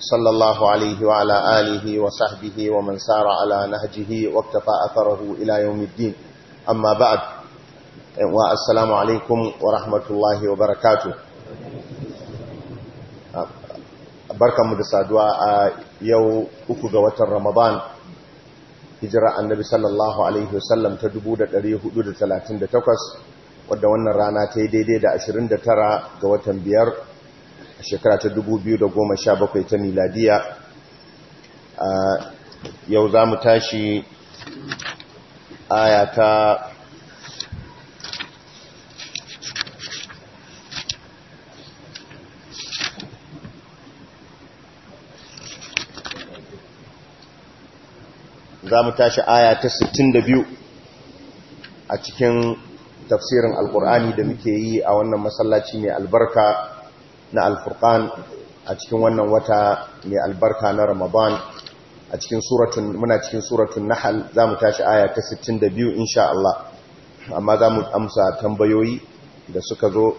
صلى الله عليه وعلى آله وصحبه ومن سار على نهجه واكتفى أثره إلى يوم الدين أما بعد والسلام عليكم ورحمة الله وبركاته بركة مدسادوا يو أكد وتر رمضان هجرة النبي صلى الله عليه وسلم تدبودة لريه حدود 38 wadda wannan rana ta yi daidai da 29 ga watan biyar a shekara ta 2017 ta miladiya yau za mu tashi aya ta za mu tashi 62 a cikin tafsirin alkur'ani da muke yi a wannan masallaci mai albarka na alfurkan a cikin wannan wata mai albarka na ramadan a cikin suratun muna cikin suratun za zamu tashi aya ta 62 insha Allah amma za mu amsa tambayoyi da suka zo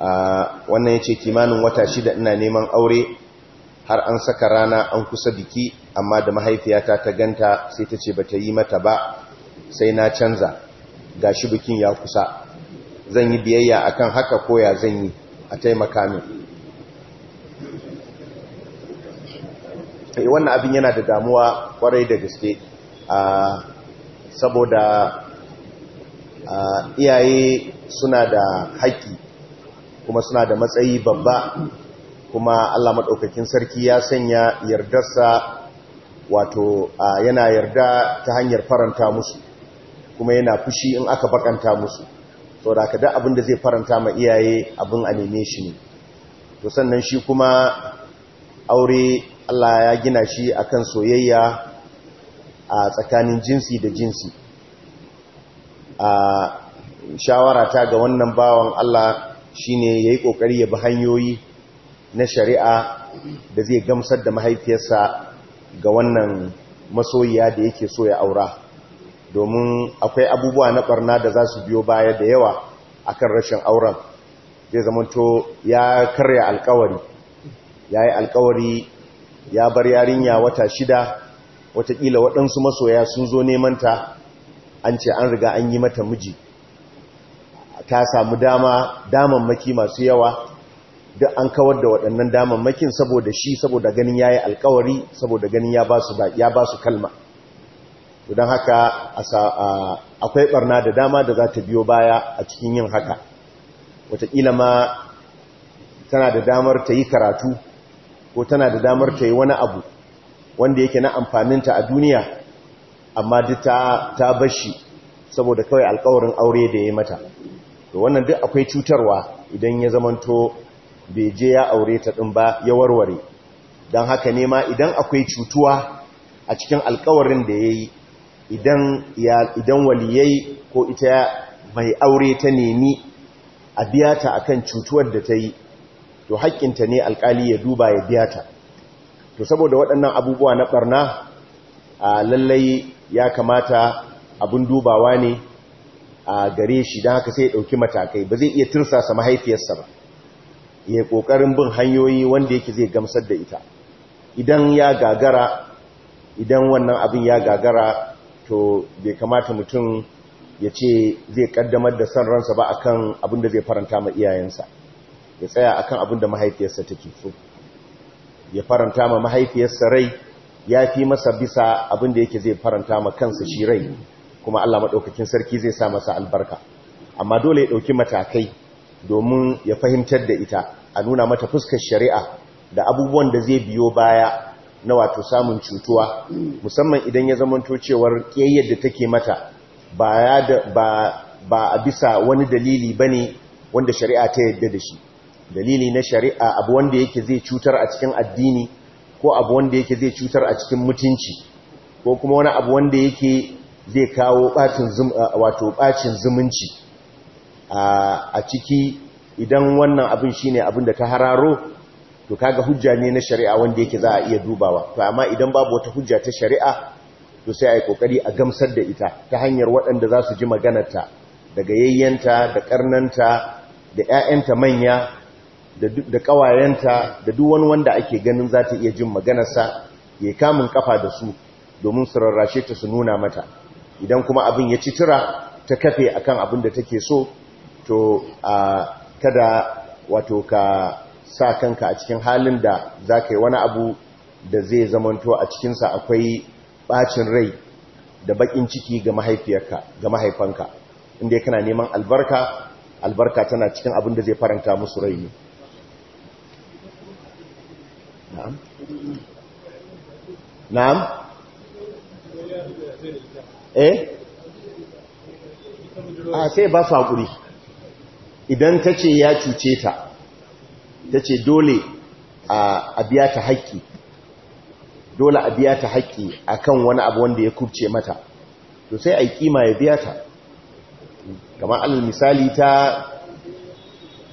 a wannan yace kimanin wata shida ina neman aure har an saka rana an kusa biki amma da mahaifiyata ta ganta sai ta ce bata yi mata ba sai na canza gashi bikin ya kusa zan yi biyayya akan haka ko ya zan yi a taimaka min eh, wannan abin yana da damuwa kwarai da gaske saboda iyaye suna da haƙƙi kuma suna da matsayi babba kuma Allah maɗaukakin sarki ya sanya yardarsa wato yana yarda ta hanyar faranta musu kuma yana fushi in aka bakanta musu da ka da abin da zai faranta ma iyaye abin a neme shi ne to sannan shi kuma aure Allah ya gina shi akan soyayya a tsakanin jinsi da jinsi a shawara ta ga wannan bawan Allah shine yayi kokari ya bi hanyoyi na shari'a da zai gamsar da mahaifiyarsa ga wannan masoyiya da yake so ya aura domin akwai abubuwa na barna da za su biyo baya da yawa akan rashin auren zai zamanto ya karya alkawari ya yi alkawari ya bar yarinya wata shida watakila waɗansu masoya sun zo nemanta an ce an riga an yi mata miji ta samu dama damammaki masu yawa duk an kawar da waɗannan damammakin saboda shi saboda ganin ya yi alkawari saboda ganin ya ba su kalma don haka akwai barna da dama da za ta biyo baya a cikin yin haka wataƙila ma tana da damar ta yi karatu ko tana da damar ta yi wani abu wanda yake na amfaninta a duniya amma duk ta bashi saboda kawai alkawarin aure da ya mata to wannan duk akwai cutarwa idan ya zamanto bai je ya aure ta ɗin ba ya warware don haka nema idan akwai cutuwa a cikin alkawarin da ya yi idan waliyai ko ita mai aure ta nemi a biya ta akan cutuwar da ta yi to haƙƙinta ne alƙali ya duba ya biya ta to saboda waɗannan abubuwa na ɓarna a lallai ya kamata abin dubawa ne a gare shi don haka sai ya ɗauki matakai ba zai iya tirsasa mahaifiyarsa ba ya ƙoƙarin bin hanyoyi wanda yake zai gamsar da ita idan ya gagara idan wannan abin ya gagara to bai kamata mutum ya ce zai kaddamar da san ransa ba akan abin da zai faranta ma iyayensa ya tsaya akan abin da mahaifiyarsa take so ya faranta ma mahaifiyarsa rai ya fi masa bisa abin da yake zai faranta ma kansa shi rai kuma Allah maɗaukakin sarki zai sa masa albarka amma dole ya ɗauki matakai domin ya fahimtar da ita a nuna mata fuskar shari'a da abubuwan da zai biyo baya na wato samun cutuwa musamman idan ya zamanto cewar kiyayyar da take mata ba a bisa wani dalili ba ne wanda shari'a ta yadda da shi dalili na shari'a abu wanda yake zai cutar a cikin addini ko abu wanda yake zai cutar a cikin mutunci ko kuma wani abu wanda yake zai kawo wato bacin zumunci a ciki idan wannan abin shine abin da ta hararo to kaga hujja ne na shari'a wanda yake za a iya dubawa to amma idan babu wata hujja ta shari'a to sai a yi kokari a gamsar da ita ta hanyar waɗanda za su ji maganarta daga yayyanta da karnanta da ƴaƴanta manya da ƙawayenta da duk wani wanda ake ganin za ta iya jin maganarsa ya kamun kafa da su domin su rarrashe ta su nuna mata idan kuma abin ya ci tura ta kafe akan abin da take so to kada wato ka sa kanka a cikin halin da za ka yi wani abu da zai zamanto a cikinsa akwai ɓacin rai da baƙin ciki ga mahaifiyarka ga mahaifanka inda kana neman albarka albarka tana cikin abin da zai faranta musu rai ne na'am na'am eh a ah, sai ba su haƙuri idan ta ce ya cuce ta ta ce dole a biya ta haƙƙi dole a biya ta haƙƙi a kan wani abu wanda ya kubce mata to sai a yi kima ya biya ta kamar alal misali ta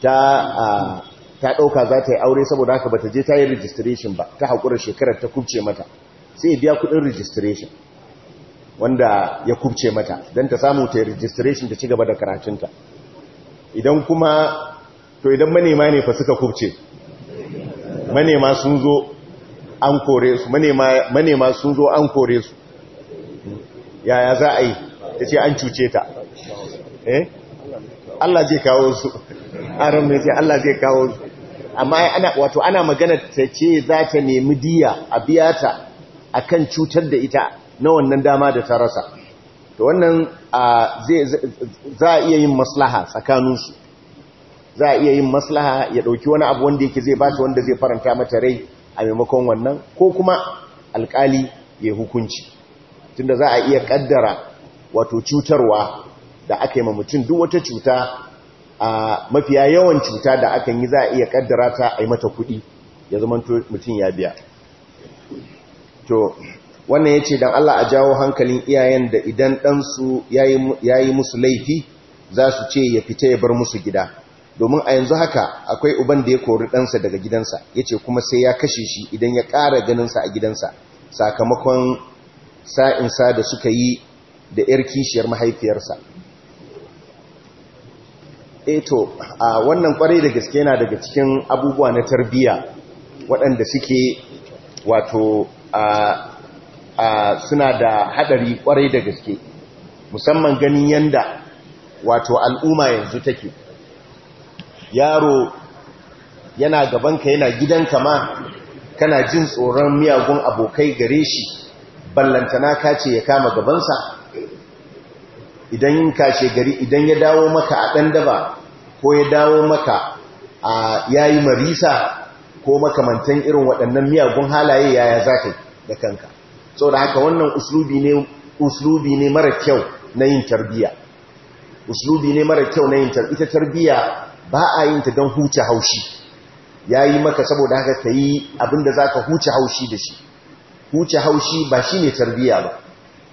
ta ta ɗauka za ta yi aure saboda haka ba ta je ta yi registration ba ta haƙura shekarar ta kubce mata sai biya kuɗin registration wanda ya kubce mata don ta samu ta yi registration ta ci gaba da karatunta idan kuma to idan manema ne fa suka kubce manema sun zo an kore su manema sun zo an kore su yaya za a yi ya ce an cuce ta eh Allah zai kawo su aram ne ce Allah zai kawo su amma ana wato ana magana ta ce za ta nemi diya a biya ta akan cutar da ita na wannan dama da ta rasa to wannan za a iya yin maslaha tsakaninsu za a iya yin maslaha ya ɗauki wani abu wanda yake zai bata wanda zai faranta mata rai a maimakon wannan ko kuma alkali ya hukunci tunda za a iya kaddara wato cutarwa da aka yi ma mutum duk wata cuta a mafiya yawan cuta da aka yi za a iya kaddara ta a yi mata kuɗi ya zama mutum ya biya to wannan ya ce don Allah a jawo hankalin iyayen da idan ɗansu ya yi musu laifi za su ce ya fita ya bar musu gida domin a yanzu haka akwai uban da ya kori ɗansa daga gidansa ya ce kuma sai ya kashe shi idan ya ƙara ganinsa a gidansa sakamakon sa'insa da suka yi da ‘yar kishiyar mahaifiyarsa eto eh a wannan kwarai da gaske yana daga cikin abubuwa na tarbiyya waɗanda suke wato a, a suna da haɗari kwarai da gaske musamman ganin yanda wato al'umma yanzu take yaro yana gabanka yana gidanka ma kana jin tsoron miyagun abokai gare shi ballantana ka ce ya kama gabansa idan yin kashe gari idan ya dawo maka a ɗan daba ko ya dawo maka a yayi marisa ko makamantan irin waɗannan miyagun halaye yaya za ka da kanka sau da haka wannan uslubi ne mara kyau na yin tarbiya uslubi ne mara kyau na yin tarbiya tarbiyya ba a yin ta don huce haushi ya yi maka saboda haka ka yi abinda za ka huce haushi da shi huce haushi ba shi ne tarbiya ba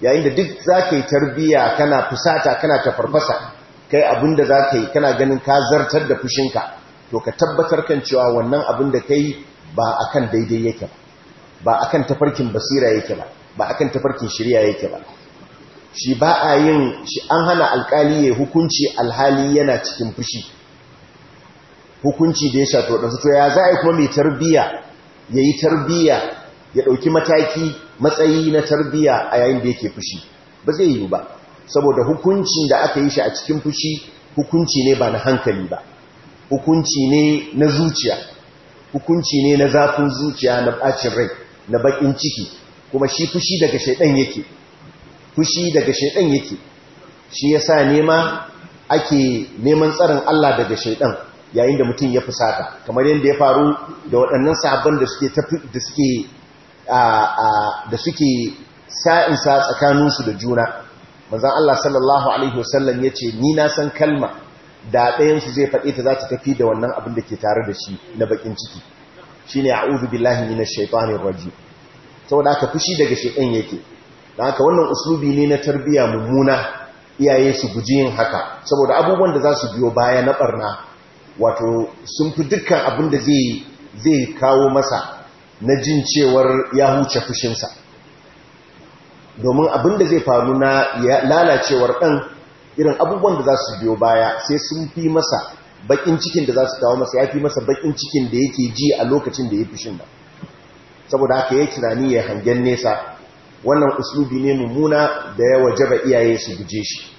yayin da duk za ka yi tarbiya kana fusata kana tafarfasa kai abinda za ka yi kana ganin ka zartar da fushinka to ka tabbatar kan cewa wannan abinda da ka yi ba a kan daidai yake ba ba a kan tafarkin basira yake ba ba a kan tafarkin shirya yake ba shi ba a yin shi an hana alkali ya hukunci alhali yana cikin fushi hukunci da ya shafi waɗansu to ya za a yi kuma mai tarbiya ya yi tarbiya ya ɗauki mataki matsayi na tarbiya a yayin da yake fushi ba zai yi ba saboda hukuncin da aka yi shi a cikin fushi hukunci ne ba na hankali ba hukunci ne na zuciya hukunci ne na zafin zuciya na ɓacin rai na baƙin ciki kuma shi fushi daga shaiɗan yake fushi daga shaiɗan yake shi yasa nema ake neman tsarin Allah daga shaiɗan yayin da mutum ya fusata kamar yadda ya faru da waɗannan sabon da suke da suke sa'insa tsakaninsu da juna manzon Allah sallallahu alaihi wasallam ce ni na san kalma da ɗayansu zai faɗe ta za ta tafi da wannan abin da ke tare da shi na bakin ciki shine a'udhu billahi na shaitanir waje. saboda haka fushi daga shaitan yake da haka wannan uslubi ne na tarbiya mummuna iyaye su guji yin haka saboda abubuwan da za su biyo baya na ɓarna. wato sun fi dukkan abin da zai kawo masa na jin cewar ya huce fushinsa domin abin da zai faru na lalacewar ɗan irin abubuwan da za su biyo baya sai sun fi masa bakin cikin da za su kawo masa ya fi masa bakin cikin da yake ji a lokacin da ya fushin ba saboda haka ya tunani ya hangen nesa wannan uslubi ne mummuna da ya wajaba iyaye su guje shi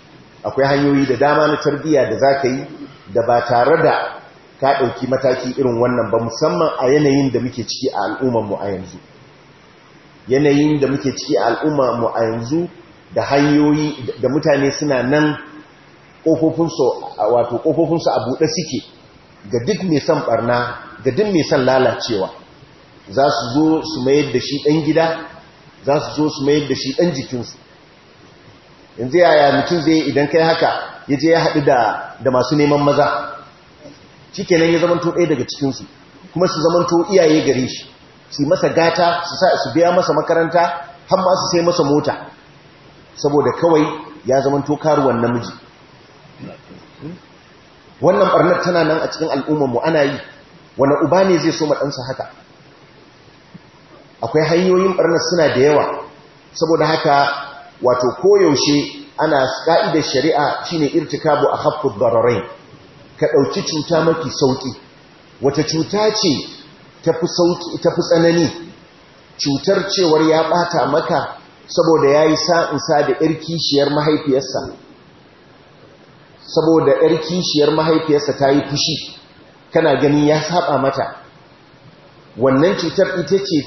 akwai hanyoyi da dama na tarbiyya da za ka yi da ba tare da ka ɗauki mataki irin wannan ba musamman a yanayin da muke ciki a al'ummarmu a yanzu yanayin da muke ciki a al'ummarmu a yanzu da hanyoyi da mutane suna nan ƙofofinsu a buɗe suke ga duk mai son ɓarna ga duk mai son lalacewa za su zo su mayar da shi ɗan gida za su zo su mayar da shi ɗan jikinsu yanzu yaya mutum zai idan kai haka ya je ya haɗu da masu neman maza shi kenan ya zamanto ɗaya daga cikinsu kuma su zamanto iyaye gare shi su masa gata su sa su biya masa makaranta har ma su sai masa mota saboda kawai ya zamanto karuwan namiji wannan ɓarnar tana nan a cikin al'ummarmu ana yi wani uba ne zai so maɗansa haka akwai hanyoyin ɓarnar suna da yawa saboda haka wato koyaushe ana ka'idar shari'a shine irtikabu akhaffu dararain ka ɗauki cuta mafi sauki wata cuta ce tafi sauki tsanani cutar cewar ya ɓata maka saboda yayi sa'insa da yar kishiyar mahaifiyarsa saboda yar kishiyar mahaifiyarsa tayi fushi kana ganin ya saba mata wannan cutar ita ce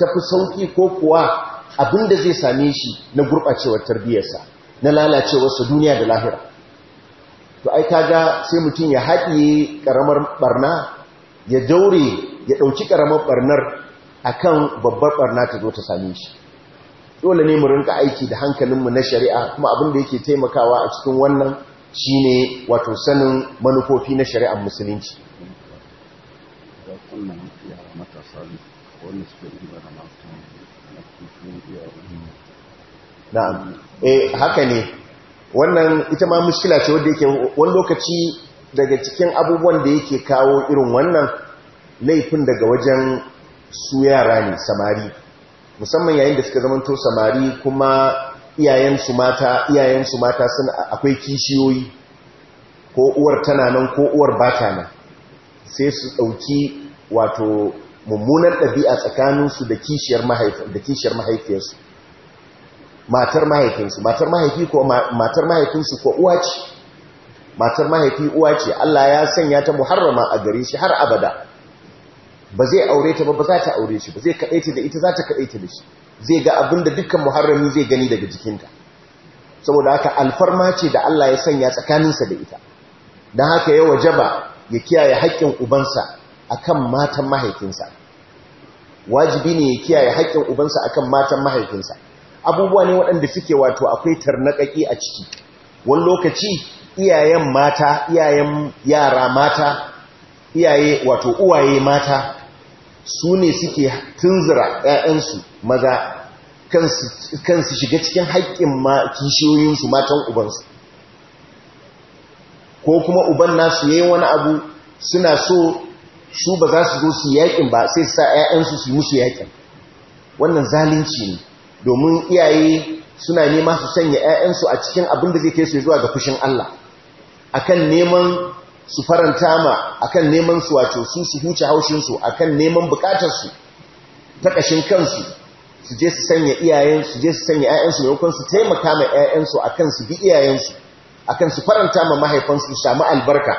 tafi sauki ko kuwa abinda zai same shi na gurbacewar tarbiyarsa na lalacewarsa duniya da lahira to ai ta ga sai mutum ya haɗiye ƙaramar barna ya daure ya ɗauki ƙaramar barnar kan babbar barna ta zo ta same shi dole ne mu rinka aiki da hankalinmu na shari'a kuma abin da yake taimakawa a cikin wannan shi ne wato sanin manufofi na shari'ar musulunci na'am eh haka ne wannan ita ma mushkila ce wanda yake wani lokaci daga cikin abubuwan da yake kawo irin wannan laifin daga wajen su yara ne samari musamman yayin da suka zamanto samari kuma iyayensu mata iyayensu mata sun akwai kishiyoyi ko uwar tana nan ko uwar bata nan sai su ɗauki wato mummunan ɗabi'a tsakaninsu da kishiyar mahaifiyarsu matar mahaifinsu matar mahaifi ko matar mahaifinsu ko uwa ce matar mahaifi uwa ce Allah ya sanya ta muharrama a gare shi har abada ba zai aure ta ba ba za ta aure shi ba zai kaɗaita da ita za ta kaɗaita da shi zai ga abin da dukkan muharrami zai gani daga jikinta saboda haka alfarma ce da Allah ya sanya tsakaninsa da ita don haka ya wajaba ya kiyaye haƙƙin ubansa akan matan mahaifinsa wajibi ne ya kiyaye haƙƙin ubansa akan matan mahaifinsa abubuwa ne waɗanda suke wato akwai tarnaƙaƙi a ciki wani lokaci iyayen mata iyayen yara mata iyaye wato uwaye mata su ne suke tunzura 'ya'yansu maza kansu shiga cikin haƙƙin kishiyoyinsu matan ubansu ko kuma uban nasu yayi wani abu suna so su ba za su zo su yaƙin ba sai sa 'ya'yansu su musu yaƙin wannan zalunci ne domin iyaye suna nema su sanya 'ya'yansu a cikin abin da zai kai su zuwa ga fushin Allah akan neman su faranta ma akan neman su wato su su huce haushinsu akan neman bukatarsu ta ƙashin kansu su je su sanya iyayensu, su je su sanya 'ya'yansu maimakon su taimaka ma 'ya'yansu a kan su bi iyayensu kan su faranta ma mahaifansu su samu albarka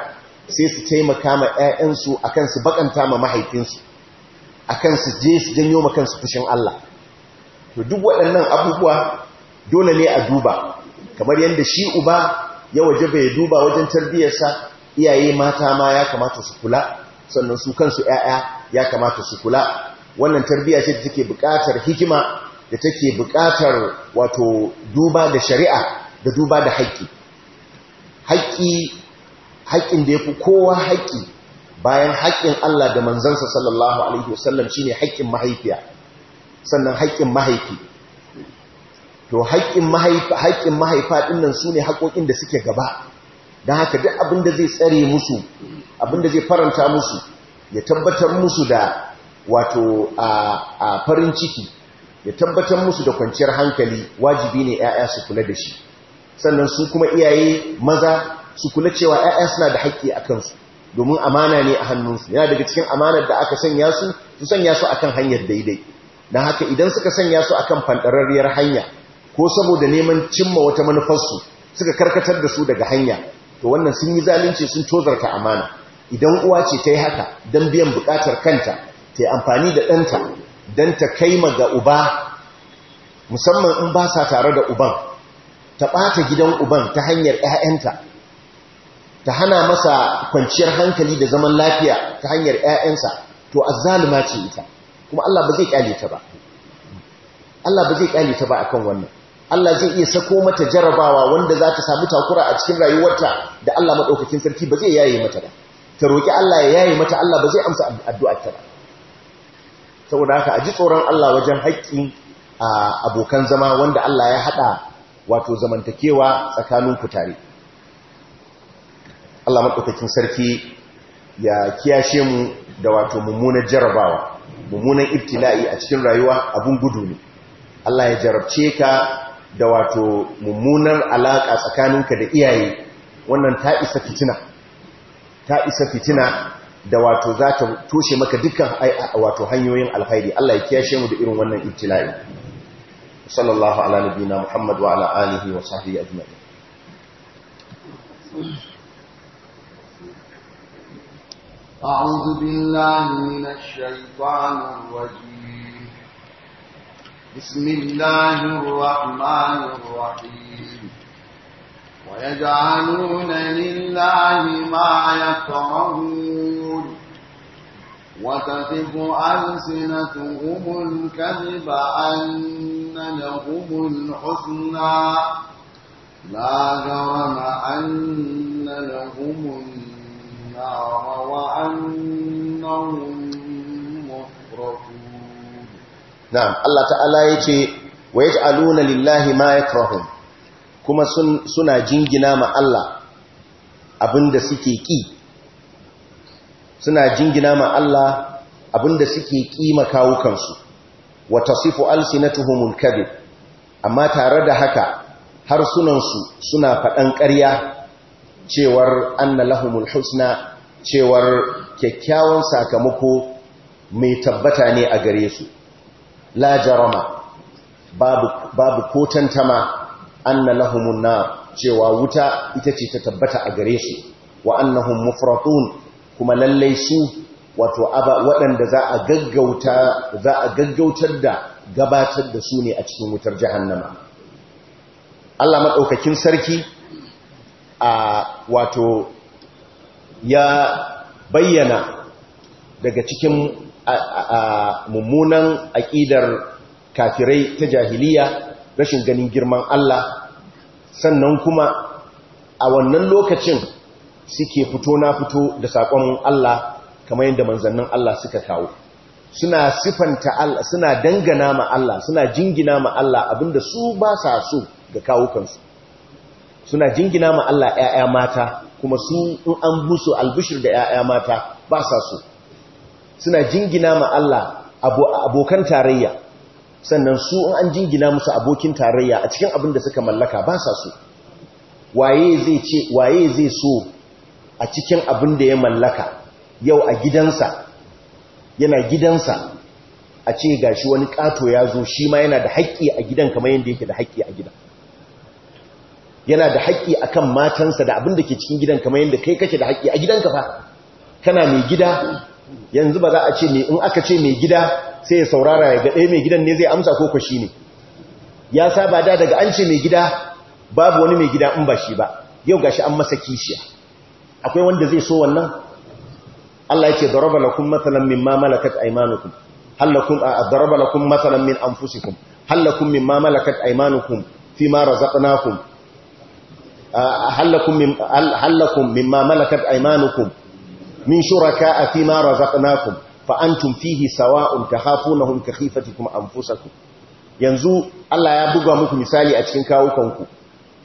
sai su taimaka ma 'ya'yansu kan su bakanta ma mahaifinsu a kan su je su janyo ma kansu fushin Allah to duk waɗannan abubuwa dole ne a duba kamar yadda shi uba ya waje bai duba wajen tarbiyyarsa iyaye mata ma ya kamata su kula sannan su kansu ‘ya'ya ya kamata su kula wannan tarbiyya ce da take buƙatar hikima da take buƙatar wato duba da shari'a da duba da haƙƙi haƙƙin da ya fi kowa haƙƙi bayan haƙƙin Allah da manzansa sallallahu alaihi wasallam shine haƙƙin mahaifiya sannan haƙƙin mahaifi to haƙƙin mahaifa haƙƙin mahaifa su sune haƙoƙin da suke gaba Don haka duk abin da zai tsare musu abin da zai faranta musu ya tabbatar musu da wato a farin ciki ya tabbatar musu da kwanciyar hankali wajibi ne 'ya'ya su kula da shi sannan su kuma iyaye maza su kula cewa 'ya'ya suna da haƙƙi a kansu domin amana ne a hannunsu yana daga cikin amanar da aka sanya su su sanya su akan hanyar daidai Na haka idan suka sanya su akan fanɗararriyar hanya ko saboda neman cimma wata manufarsu suka karkatar da su daga hanya to wannan sun yi zalunci sun tozarta amana idan uwa ce ta yi haka don biyan bukatar kanta ta yi amfani da ɗanta don ta kai ma ga uba musamman in ba sa tare da uban ta ɓata gidan uban ta hanyar 'ya'yanta ta hana masa kwanciyar hankali da zaman lafiya ta hanyar 'ya'yansa to azzalima ce ita kuma Allah ba zai kyale ta ba Allah ba zai kyale ta ba akan wannan Allah zai iya sako mata jarabawa wanda za ta samu takura a cikin rayuwarta da Allah madaukakin sarki ba zai yaye mata ba ta roki Allah ya yaye mata Allah ba zai amsa addu'ar ta ba saboda haka a ji tsoron Allah wajen haƙƙin abokan zama wanda Allah ya hada wato zamantakewa tsakanin ku tare Allah madaukakin sarki ya kiyashe mu da wato mummunar jarabawa mummunan ibtila'i a cikin rayuwa abun gudu ne Allah ya jarabce ka da wato mummunar alaka tsakaninka da iyaye wannan ta isa fitina ta isa fitina da wato za ta toshe maka dukkan wato hanyoyin alkhairi Allah ya kiyashe mu da irin wannan ibtila'i sallallahu ala nabiyina muhammad wa ala alihi wa sahbihi ajma'in أعوذ بالله من الشيطان الرجيم بسم الله الرحمن الرحيم ويجعلون لله ما يكرهون وتقف ألسنتهم الكذب أن لهم الحسنى لا جرم أن لهم الحسنى النار وأنهم مفرطون نعم الله تعالى يتي ويجعلون لله ما يكرهون كما سنة جنجنا مع الله suna jingina ma Allah abinda suke ki makawukansu wa tasifu alsinatuhumul kadhib amma tare da haka harsunansu suna faɗan ƙarya cewar anna lahumul husna cewar kyakkyawan sakamako mai tabbata ne a gare su la jarama babu babu kotantama anna lahumun na cewa wuta ita ce ta tabbata a gare su wa annahum mufratun kuma lallai su wato waɗanda za a gaggauta za a gaggautar da gabatar da su ne a cikin wutar jahannama Allah madaukakin sarki a wato ya bayyana daga cikin mummunan aƙidar kafirai ta jahiliya rashin ganin girman Allah sannan kuma a wannan lokacin suke fito na fito da saƙon Allah kamar yadda manzannin Allah suka kawo suna sifanta Allah suna dangana ma Allah suna jingina ma Allah abinda su ba sa so ga kawukansu. suna jingina ma Allah ‘ya'ya mata kuma su in an busu albishir da ‘ya'ya mata ba sa su suna jingina ma Allah abokan tarayya sannan su in an jingina musu abokin tarayya a cikin abin da suka mallaka ba sa su waye zai waye zai so a cikin abin da ya mallaka yau a gidansa yana gidansa a ce gashi wani kato ya zo shi ma yana da haƙƙi a gidan kamar yadda yake da haƙƙi a gidan yana da haƙƙi kan matansa da abin da ke cikin gidan kamar yadda kai kake da haƙƙi a gidanka fa kana mai gida yanzu ba za a ce in aka ce mai gida sai ya saurara ya ga ɗaya eh, mai gidan ne zai amsa ko kwashi ne ya saba da daga an ce mai gida babu wani mai gida in ba shi ba yau ga shi an masa kishiya akwai wanda zai so wannan Allah yake daraba lakum matalan mimma malakat aymanukum hal lakum daraba lakum matalan min anfusikum hal malakat aymanukum razaqnakum halakun mimma malakat aymanukum min a fi razaqnakum fa antum fihi sawa'un hafu na kuma an fusaku. yanzu Allah ya buga muku misali a cikin kawukanku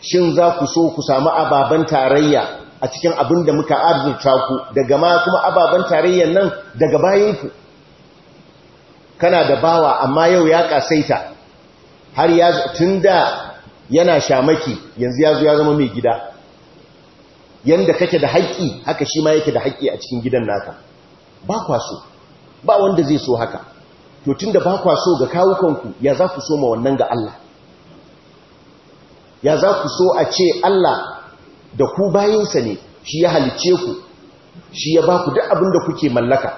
shin za ku so ku samu ababen tarayya a cikin abin da muka arzuta ku daga ma kuma ababen tarayyan nan daga bayanku kana da bawa amma yau ya kasaita har ya da. yana shamaki yanzu ya zo ya zama mai gida yanda kake da haƙƙi haka shi ma yake da haƙƙi a cikin gidan naka ba kwa so ba wanda zai so haka to tunda ba kwa so ga kawukanku ya za ku so ma wannan ga Allah ya za ku so a ce Allah da ku bayinsa ne shi ya halice ku shi ya ba ku duk abin da kuke mallaka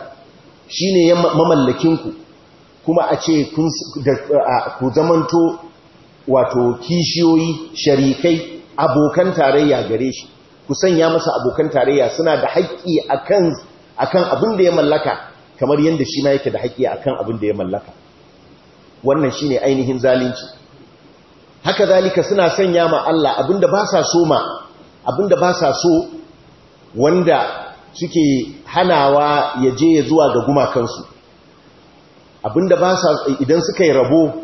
shi ne ya mamallakinku kuma a ce ku zamanto wato kishiyoyi sharikai abokan tarayya gare shi ku sanya masa abokan tarayya suna da haƙƙi akan akan abin da ya mallaka kamar yadda shi ma yake da haƙƙi akan abin da ya mallaka wannan shine ainihin zalunci haka zalika suna sanya ma Allah abinda ba sa so ma abinda ba sa so wanda suke hanawa ya je zuwa ga gumakansu abinda ba sa idan suka yi rabo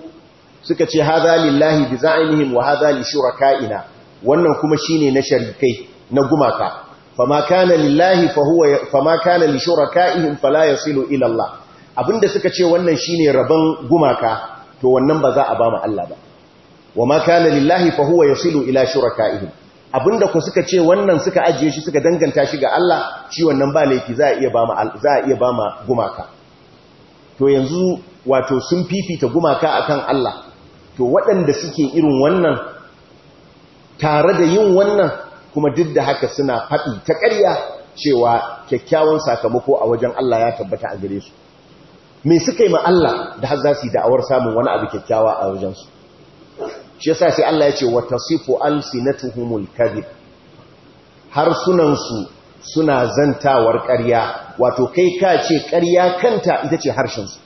suka ce haza lillahi bi za'inihim wa haza li shuraka'ina wannan kuma shine na sharikai na gumaka fama kana lillahi fa huwa fama kana li shuraka'ihim fala yasilu ila Allah abinda suka ce wannan shine rabon gumaka to wannan ba za a ba mu Allah ba wama kana lillahi fa huwa yasilu ila shuraka'ihim abinda ku suka ce wannan suka ajiye shi suka danganta shi ga Allah shi wannan ba laifi za a iya ba mu za a iya ba mu gumaka to yanzu wato sun fifita gumaka akan Allah to waɗanda suke irin wannan tare da yin wannan kuma duk da haka suna faɗi ta ƙarya cewa kyakkyawan sakamako a wajen Allah ya tabbata a gare su me suka yi ma Allah da har za su yi da'awar samun wani abu kyakkyawa a wajensu shi yasa sai Allah ya ce wa tasifu alsinatuhumul kadhib harsunansu suna zantawar ƙarya wato kai ka ce ƙarya kanta ita ce harshensu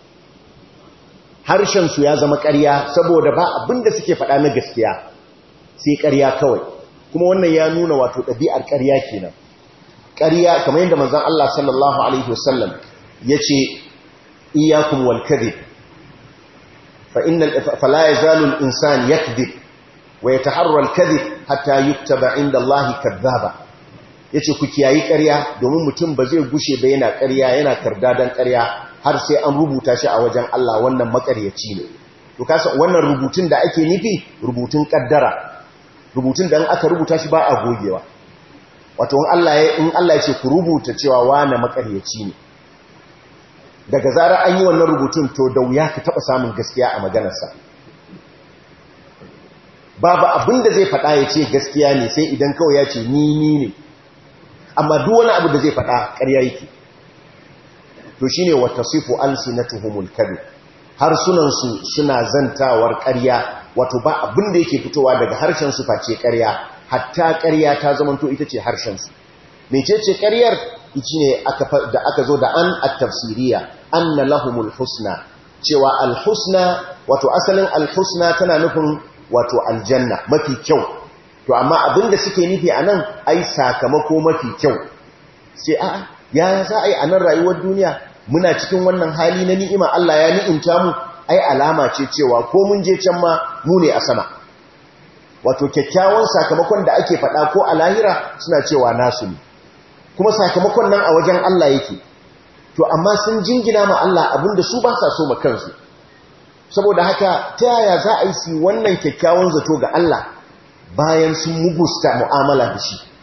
harshensu ya zama ƙarya saboda ba abin da suke faɗa na gaskiya sai ƙarya kawai kuma wannan ya nuna wato ɗabi'ar ƙarya kenan ƙarya kamar yadda manzon Allah sallallahu alaihi wasallam yace iyyakum wal kadhib fa innal fala yazalu al insan yakdhib wa yataharra al kadhib hatta yuktaba inda Allah kadhaba yace ku kiyayi ƙarya domin mutum ba zai gushe ba yana ƙarya yana kardadan ƙarya har sai an rubuta shi a wajen Allah wannan makaryaci ne to kasa wannan rubutun da ake nufi rubutun kaddara rubutun da aka rubuta shi ba a gogewa wato in Allah ya in Allah ya ce ku rubuta cewa wani makaryaci ne daga zarar an yi wannan rubutun to da wuya ka taba samun gaskiya a maganarsa babu abin da zai faɗa ya ce gaskiya ne sai idan kawai ya ce ni ni ne amma duk wani abu da zai faɗa ƙarya yake to shine wattasifu alsinatuhumul kadhib harsunan su suna zantawar ƙarya wato ba abin da yake fitowa daga harshen su face ƙarya hatta ƙarya ta zamanto ita ce harshen su ce ƙaryar ita ne da aka zo da an a tafsiriya anna lahumul husna cewa alhusna, wato asalin alhusna tana nufin wato aljanna mafi kyau to amma abin da suke nufi anan ai sakamako mafi kyau sai a'a ya za a yi a nan rayuwar duniya muna cikin wannan hali na ni'ima Allah ya ni'imta mu ai alama ce cewa ko mun je can ma mu ne a sama wato kyakkyawan sakamakon da ake faɗa ko a lahira suna cewa nasu ne kuma sakamakon nan a wajen Allah yake to amma sun jingina ma Allah abinda su ba sa so ma kansu saboda haka ta yaya za a yi su wannan kyakkyawan zato ga Allah bayan sun mugusta mu'amala da shi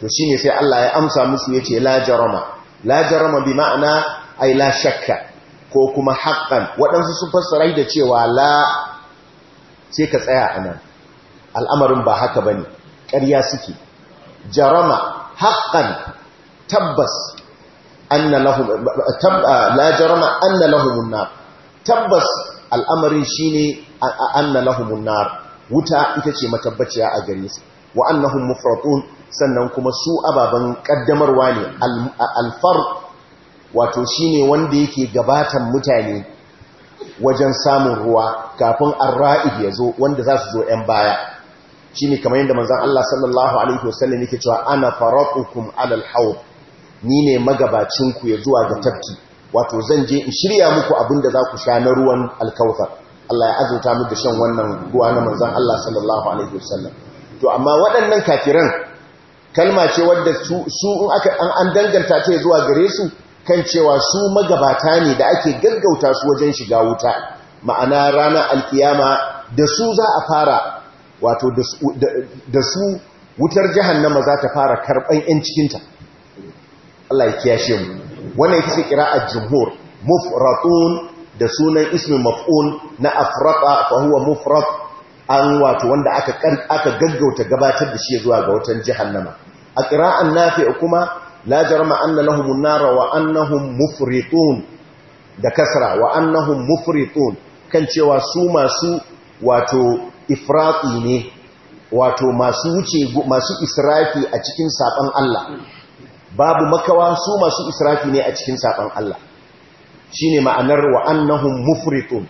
to shine sai Allah ya amsa musu ya la jarama la jarama bi ma'ana ay la shakka ko kuma haqqan Waɗansu sun fassara da cewa la sai ka tsaya nan. al'amarin ba haka ne. ƙarya suke jarama haqqan tabbas anna lahum la jarama lahumun tabbas al'amarin shine anna lahumun nar wuta ita ce matabbaciya a gare su wa annahum mufratun sannan kuma su ababen ƙaddamarwa ne alfar wato shi ne wanda yake gabatan mutane wajen samun ruwa kafin arra'id ya zo wanda za su zo 'yan baya shi ne kamar yadda manzan Allah sallallahu Alaihi wasallam yake cewa ana faraƙukum alal hau ni ne magabacinku ya zuwa ga tafki wato zan je in shirya muku abin da za ku sha na ruwan alkautar Allah ya azurta mu da shan wannan ruwa na manzan Allah sallallahu Alaihi wasallam to amma waɗannan kafiran kalma ce wadda su in an danganta ta zuwa gare su kan cewa su magabata ne da ake gaggauta su wajen shiga wuta ma'ana ranar alkiyama da su za a fara wato da su wutar jahannama za ta fara karɓan 'yan cikinta Allah ya kiyashe mu wannan ita kira a jumhur mufratun da sunan ismi maf'un na afrata fa huwa mufrat an wato wanda aka gaggauta gabatar da shi zuwa ga wutan nama. a ƙira'an nafi'a kuma la jarma anna nara wa annahum mufritun da kasra wa annahum mufritun kan cewa su masu wato ifraƙi ne wato masu wuce masu israfi a cikin saɓan Allah babu makawa su masu israfi ne a cikin saɓan Allah Shi ne ma'anar wa annahum mufritun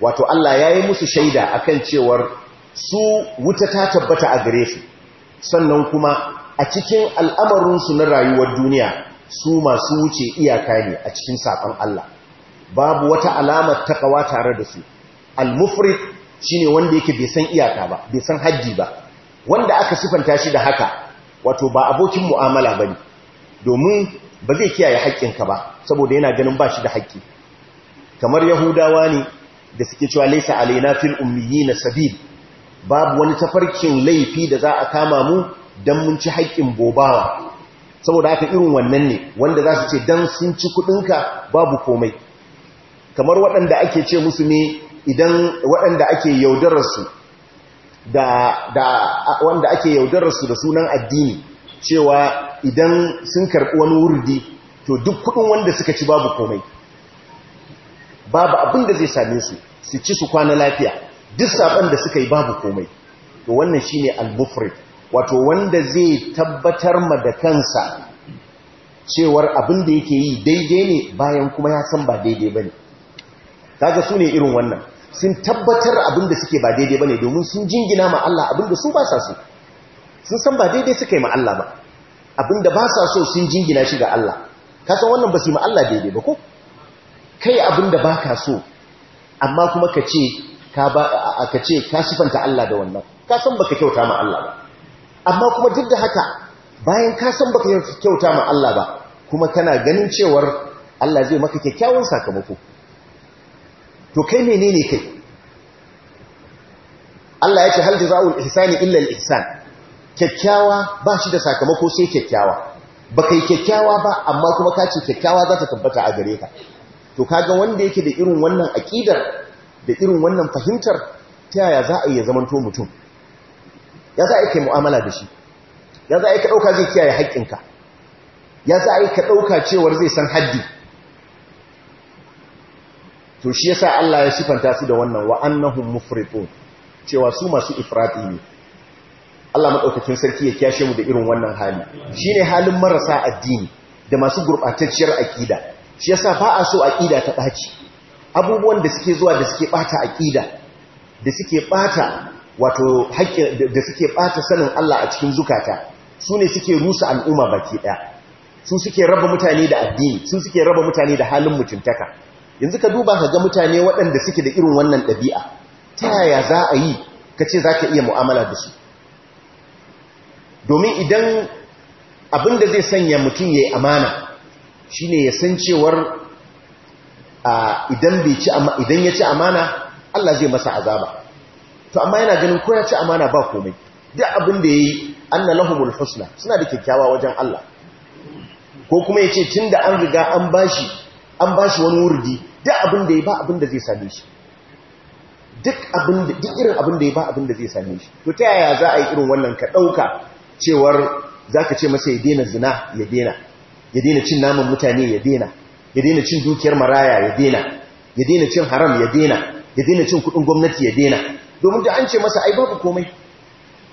wato Allah ya yi musu shaida a kan cewar su wuta ta tabbata a gare su sannan kuma a cikin al'amarinsu na rayuwar duniya su masu wuce iyaka ne a cikin saƙon Allah babu wata alamar ƙawa tare da su al shi ne wanda yake bai san iyaka ba bai san haddi ba wanda aka sifanta shi da haka wato ba abokin mu'amala ba ne domin ba zai kiyaye haƙƙinka ba saboda yana ganin ba shi da haƙƙi kamar yahudawa ne da suke cewa laisa alaina fil ummiyina sabil babu wani tafarkin laifi da za a kama mu don mun ci haƙƙin bobawa saboda haka irin wannan ne wanda za su ce don sun ci kudinka babu komai kamar waɗanda ake ce musu ne idan waɗanda ake yaudararsu da, wanda ake yaudararsu da sunan addini cewa idan sun karɓi wani wurdi to duk kuɗin wanda suka ci babu komai babu abin da zai same su su ci su kwana lafiya duk saɓon da suka yi babu komai to wannan shine ne wato wanda zai tabbatar ma da kansa cewar abin da yake yi daidai ne bayan kuma ya san ba daidai ba ne kaga su ne irin wannan sun tabbatar abin da suke ba daidai ba ne domin sun jingina ma Allah abin da su ba sa so sun san ba daidai suka yi ma Allah ba abin da ba sa so sun jingina shi ga Allah san wannan ba su yi ma Allah daidai ba ko kai abin da ba ka so amma kuma ka ce ka sifanta Allah da wannan Ka ba ka kyauta ma Allah ba amma kuma duk da haka bayan ka san baka kyauta ma Allah ba kuma kana ganin cewar Allah zai maka kyakkyawan sakamako to kai menene kai Allah ya ce hal jazaul ihsani illa al ihsan kyakkyawa ba shi da sakamako sai kyakkyawa baka yi kyakkyawa ba amma kuma ka ce kyakkyawa za ta tabbata a gare ka to kaga wanda yake da irin wannan aƙidar da irin wannan fahimtar ta yaya za a iya zamanto mutum ya za a yi mu'amala da shi ya za a yi ka ɗauka zai kiyaye haƙƙinka ya za a yi ka ɗauka cewar zai san haddi to shi ya sa Allah ya sifanta su da wannan wa annahum mufritun cewa su masu ifrati ne Allah maɗaukacin sarki ya kyashe mu da irin wannan hali Shi ne halin marasa addini da masu gurɓatacciyar aƙida. shi ya ba a so aƙida ta ɓaci abubuwan da suke zuwa da suke ɓata aƙida, da suke ɓata. wato da suke ɓata sanin Allah a cikin zukata su ne suke rusa al'umma baki ɗaya su suke raba mutane da addini su suke raba mutane da halin mutuntaka yanzu ka duba ka ga mutane waɗanda suke da irin wannan ɗabi'a ta yaya za a yi ka ce za ka iya mu'amala da su domin idan abin da zai sanya mutum ya yi amana shi ne ya san cewar idan ya ci amana Allah zai masa azaba to amma yana ganin ko ya ci amana ba komai duk abin da yayi anna lahumul husna suna da kyakkyawa wajen Allah ko kuma yace tunda an riga an bashi an bashi wani wurdi duk abin da yayi ba abin da zai same shi duk abin da duk irin abin da yayi ba abin da zai same shi to ta yaya za a yi irin wannan ka dauka cewar zaka ce masa ya daina zina ya daina ya daina cin naman mutane ya daina ya daina cin dukiyar maraya ya daina ya daina cin haram ya daina ya daina cin kudin gwamnati ya daina domin da an ce masa ai babu komai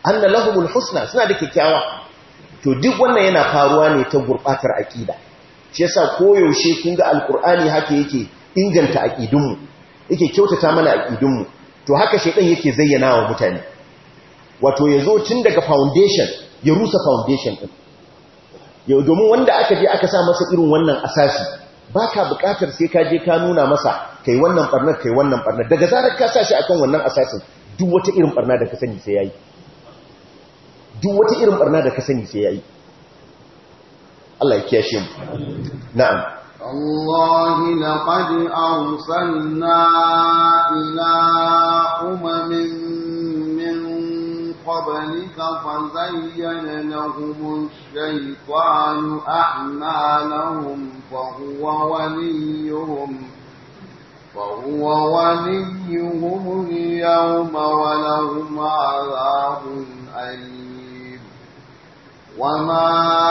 anna lahumul husna suna da kyakkyawa to duk wannan yana faruwa ne ta gurbatar aƙida, shi yasa koyaushe kun ga alqur'ani haka yake inganta aqidunmu yake kyautata mana aƙidunmu, to haka shedan yake zayyana wa mutane wato yazo tun daga foundation ya rusa foundation ɗin. yau domin wanda aka je aka sa masa irin wannan asasi ba ka bukatar sai ka je ka nuna masa kai wannan ka kai wannan barna daga zarar ka sashi a kan wannan asasin duk wata irin barna da ka sani sai yi. duk wata irin barna da ka sani sai yi Allah ya shi mu na'am والله لقد أرسلنا إلى أمم قبلك فزين لهم الشيطان أعمالهم فهو وليهم فهو وليهم اليوم ولهم عذاب أليم وما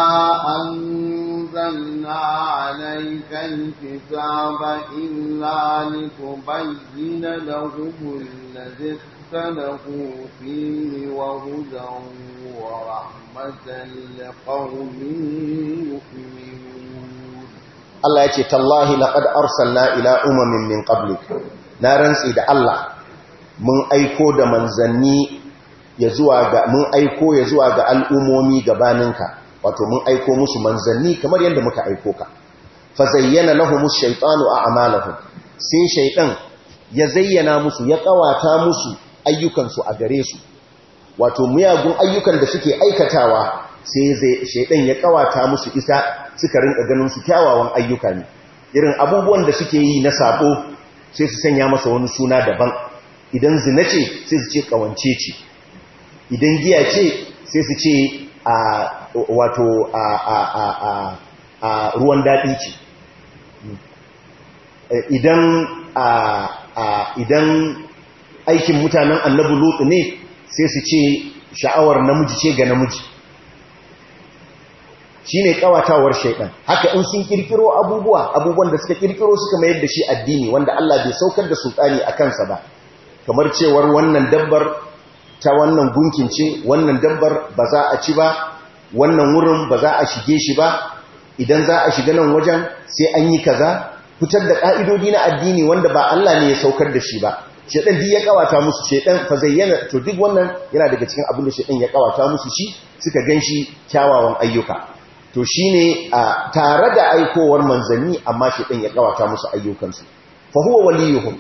أنزلنا عليك الكتاب إلا لتبين لهم الذي أحسنه فيه وهدى ورحمة لقوم يؤمنون Allah يأتي تالله tallahi أرسلنا arsalna ila umamin min نارن na rantsi da Allah mun aiko da ya zuwa ga mun aiko ya zuwa ga al'umomi gabaninka wato mun aiko musu manzanni kamar yadda muka aiko ka fa zayyana lahumush shaytanu a'malahum sai shaytan ya zayyana musu ya kawata musu ayyukansu a gare su wato miyagun ayyukan da suke aikatawa sai zai shaidan ya kawata musu isa suka rinka ganin su kyawawan ayyuka ne irin abubuwan da suke yi na sabo sai su sanya masa wani suna daban idan zina ce sai su ce kawance ce idan giya ce sai su ce a wato a ruwan daɗi ce idan idan aikin mutanen annabu lutu ne sai su ce sha'awar namiji ce ga namiji shi ne kawatawar shaidan haka in sun kirkiro abubuwa abubuwan da suka kirkiro suka mayar da shi addini wanda Allah bai saukar da sultani a kansa ba kamar cewar wannan dabbar ta wannan gunkin ce wannan dabbar ba za a ci ba wannan wurin ba za a shige shi ba idan za a shiga nan wajen sai an yi kaza fitar da ƙa'idodi na addini wanda ba Allah ne ya saukar da shi ba shedan duk ya kawata musu shedan fa zayyana to duk wannan yana daga cikin abin da shedan ya kawata musu shi suka ganshi kyawawan ayyuka to shine a tare da aikowar manzanni amma shedan ya kawata musu ayyukansu fa huwa waliyuhum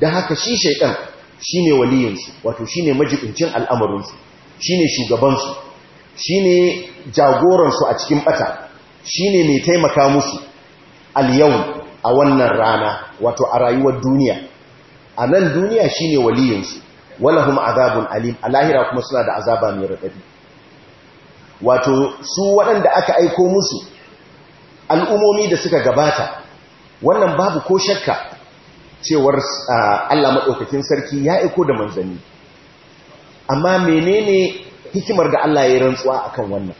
da haka shi shedan shine waliyinsu wato shine majibincin shi shine shugabansu shine jagoransu a cikin bata shine mai taimaka musu al a wannan rana wato a rayuwar duniya a nan duniya shi shine waliyinsu kuma azabun alim a lahira kuma suna da azaba mai raɗaɗi wato su waɗanda aka aiko musu al'umomi da suka gabata wannan babu ko shakka cewar Allah maɗaukakin sarki ya aiko da manzanni amma menene hikimar da Allah ya yi rantsuwa akan wannan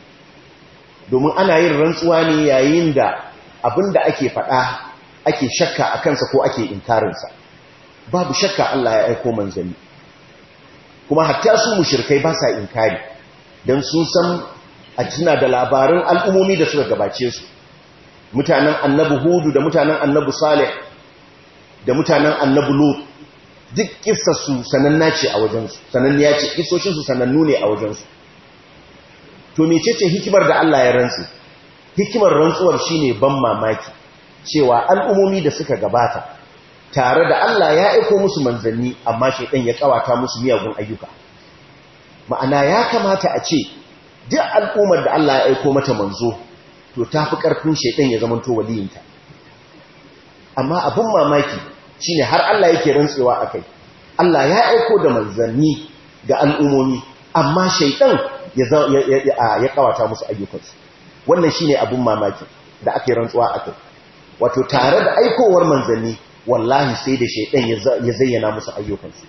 domin ana yin rantsuwa ne yayin da abin da ake faɗa ake shakka a kansa ko ake inkarinsa babu shakka Allah ya aiko manzanni kuma hatta su mushrikai ba sa inkari dan sun san a tuna da labarin al'umomi da suka gabace su mutanen annabi hudu da mutanen annabi salih da mutanen annabi lut duk su sananna ce a wajensu sananniya ce su sanannu ne a wajen su? to mecece hikimar da Allah ya rantsu hikimar rantsuwar shine ban mamaki cewa al'umomi da suka gabata tare da Allah ya aiko musu manzanni amma shaidan ya kawata musu miyagun ayyuka ma'ana ya kamata a ce duk al'ummar da Allah ya aiko mata manzo to tafi karfin ƙarfin shaidan ya zama to waliyinta amma abun mamaki shine har Allah yake rantsewa akai Allah ya aiko da manzanni ga al'umomi amma shaidan ya kawata musu ayyukansu wannan shine abin mamaki da ake rantsuwa a wato tare da aikowar manzanni wallahi sai da shaidan ya zayyana musu ayyukansu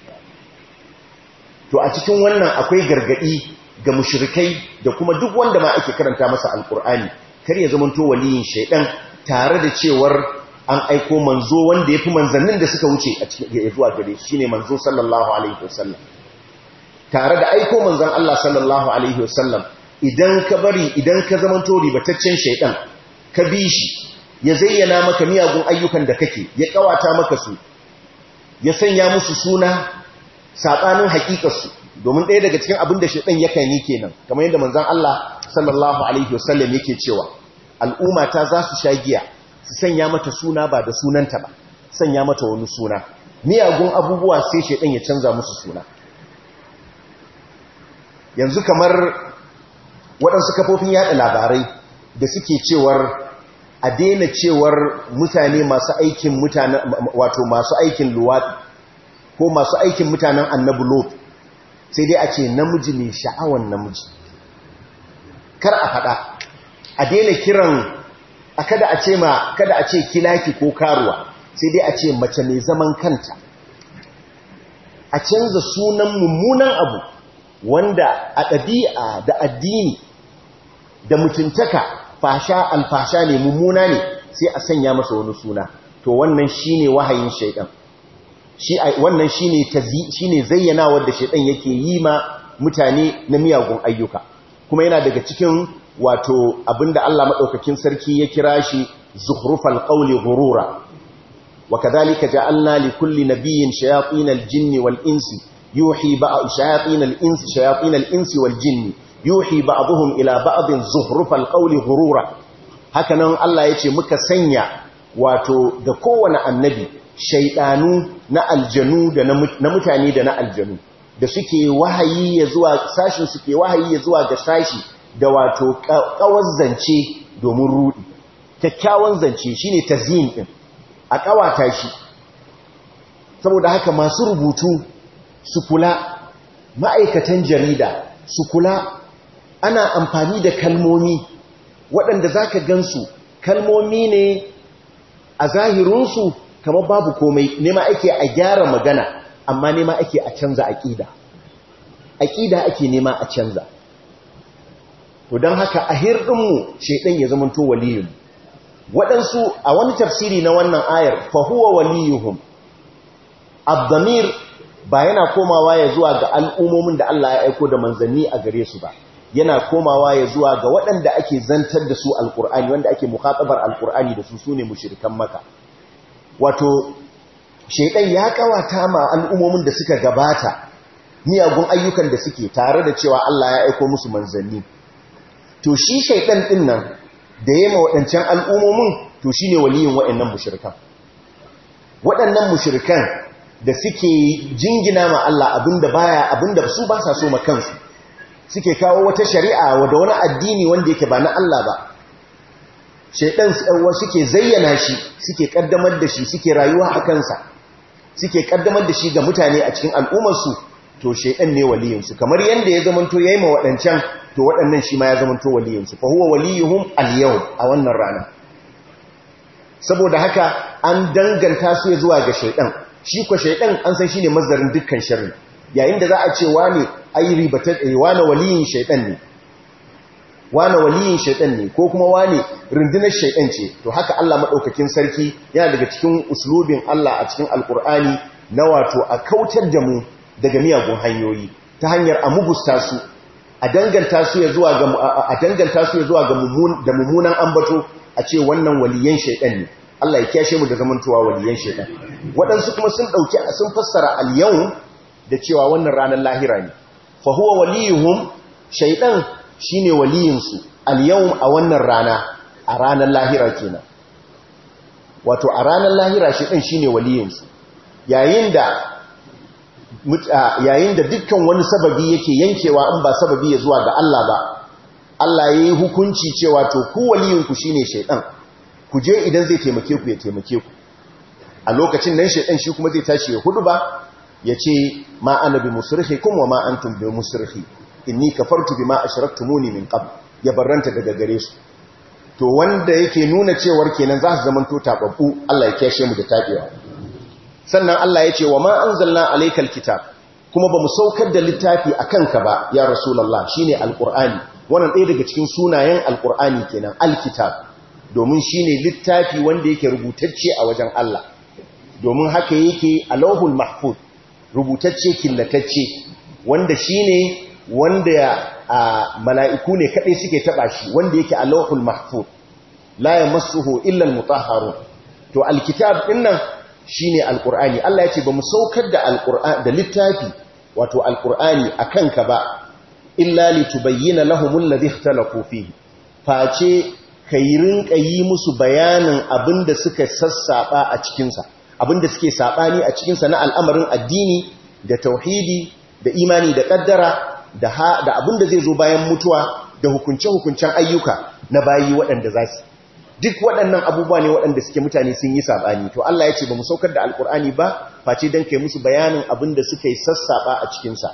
to a cikin wannan akwai gargadi ga mushrikai da kuma duk wanda ma ake karanta masa alkur'ani kar ya zamanto waliyin shaidan tare da cewar an aiko manzo wanda yafi manzannin da suka wuce a cikin zuwa gare shi ne manzo sallallahu alaihi wasallam tare da aiko manzon Allah sallallahu alaihi wasallam idan ka bari idan ka zamanto ribataccen shaidan ka bi shi ya zayyana maka miyagun ayyukan da kake ya kawata maka su ya sanya musu suna saɓanin hakikarsu domin ɗaya daga cikin abin da shaɗan yakan yi kenan kamar yadda manzan Allah sallallahu alaihi wasallam yake cewa al'umma ta za su sha giya su sanya mata suna ba da sunanta ba sanya mata wani suna miyagun abubuwa sai shaɗan ya canza musu suna yanzu kamar waɗansu kafofin yaɗa labarai da suke cewar a daina cewar mutane masu aikin mutane wato masu aikin luwaɗi ko masu aikin mutanen annabi lot sai dai a ce namiji ne sha'awan namiji kar a faɗa a daina kiran a kada a ce ma kada a ce kilaki ko karuwa sai dai a ce mace mai zaman kanta a canza sunan mummunan abu wanda a ɗabi'a da addini da mutuntaka fasha alfasha ne mummuna ne sai a sanya masa wani suna to wannan shine wahayin shaidan shi wannan shine shine zayyana wanda shaidan yake yi ma mutane na miyagun ayyuka kuma yana daga cikin wato abinda Allah madaukakin sarki ya kira shi zukhrufal qawli ghurura wa kadhalika ja'alna li kulli nabiyyin shayatin jinni wal-insi yuhi ba a insi shayatin insi wal-jinni yuhi ba'dhum ila ba'dhin zuhrufal qawli ghurura hakanan Allah yace muka sanya wato da kowane annabi shaydanu na aljanu da na mutane da na aljanu da suke wahayi zuwa sashin suke wahayi ya zuwa ga sashi da wato kawazzance domin rudi kyakkyawan zance shine tazyin din a kawata shi saboda haka masu rubutu su kula ma'aikatan jarida su kula ana amfani da kalmomi waɗanda za ka su kalmomi ne a zahirinsu kamar babu komai nema ake a gyara magana amma nema ake a canza aƙida aƙida ake nema a canza to don haka a hirɗinmu shaiɗan ya zamanto waliyun waɗansu a wani tafsiri na wannan ayar fahuwa waliyuhun abdamir ba yana komawa ya zuwa ga al'ummomin da Allah ya aiko da manzanni a gare su ba yana komawa ya zuwa ga waɗanda ake zantar da su alkur'ani wanda ake mukhatabar alkur'ani da su ne mushirikan maka wato shaidan ya kawata ma al'ummomin da suka gabata miyagun ayyukan da suke tare da cewa Allah ya aiko musu manzanni to shi shaidan ɗin nan da ma waɗancan al'ummomin to shi ne waliyin waɗannan mushirikan. waɗannan mushirikan da suke jingina ma Allah abinda baya abinda su ba sa so ma kansu suke kawo wata shari'a da wani addini wanda yake ba na Allah ba shaidan suke zayyana shi suke ƙaddamar da shi suke rayuwa a kansa suke kaddamar da shi ga mutane a cikin al'ummarsu to shaidan ne waliyinsu kamar yadda ya zamanto ya yi ma waɗancan to waɗannan shi ma ya zamanto waliyinsu fa huwa waliyuhum al-yawm a wannan rana saboda haka an danganta su ya zuwa ga shaidan shi ko shaidan an san shine mazarin dukkan sharri yayin da za a ce ne. ai ribatar eh wani waliyin shaidan ne wani waliyin ne ko kuma wani rundunar shaidan ce to haka Allah madaukakin sarki yana daga cikin uslubin Allah a cikin alkur'ani na wato a kautar da mu daga miyagun hanyoyi ta hanyar a mugusta su a danganta su ya zuwa ga a danganta su da mummunan ambato a ce wannan waliyan shaidan ne Allah ya kiyashe mu da tuwa waliyan shaidan. waɗansu kuma sun ɗauki sun fassara al-yawm da cewa wannan ranar lahira ne fa huwa shaidan shi shine waliyinsu aliyawun a wannan rana a ranar lahira kenan wato a ranar lahira shi shine waliyinsu yayin da dukkan wani sababi yake yankewa in ba sababi ya zuwa ga Allah ba Allah ya yi hukunci cewa to ku waliyinku shine shaiɗan, ku je idan zai taimake ku ya taimake ku a lokacin nan shaiɗan shi kuma zai tashi ya hudu ba ya ce ma ana bi musurfi kuma ma antum bi ni ka kafartu bi ma tumuni min qabl ya barranta daga gare su to wanda yake nuna cewar kenan za su zamanto taɓaɓɓu. Allah ya kyashe mu da taɓewa sannan Allah ya ce wa ma zalla alaykal kitab kuma ba mu saukar da littafi kan ka ba ya rasulallah shine alkur'ani wannan ɗaya daga cikin sunayen alkur'ani kenan alkitab domin shine littafi wanda yake rubutacce a wajen Allah domin haka yake a mahfud rubutacce killatacce wanda shine wanda mala'iku ne kadai suke taɓa shi wanda yake a lawhul mahfuz la yamassuhu illan mutaharu to alkitab dinnan shine Alƙur'ani. Allah yace bamu saukar da da littafi wato Alƙur'ani akan ka ba illa litubayyana lahumul ladhi ikhtalafu fihi face kai rinka yi musu bayanin abinda suka sassaba a cikin sa abinda suke saɓani a cikinsa na al'amarin addini da tauhidi da imani da ƙaddara da abinda zai zo bayan mutuwa da hukunce-hukuncen ayyuka na bayi waɗanda za su duk waɗannan abubuwa ne waɗanda suke mutane sun yi saɓani to Allah ya ce ba mu saukar da alkur'ani ba face don kai musu bayanin abin da suka yi sassaɓa a cikinsa